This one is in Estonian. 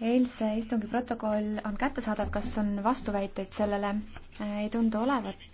eilse istungi protokoll on kättesaadav, kas on vastuväiteid sellele? ei tundu olevat.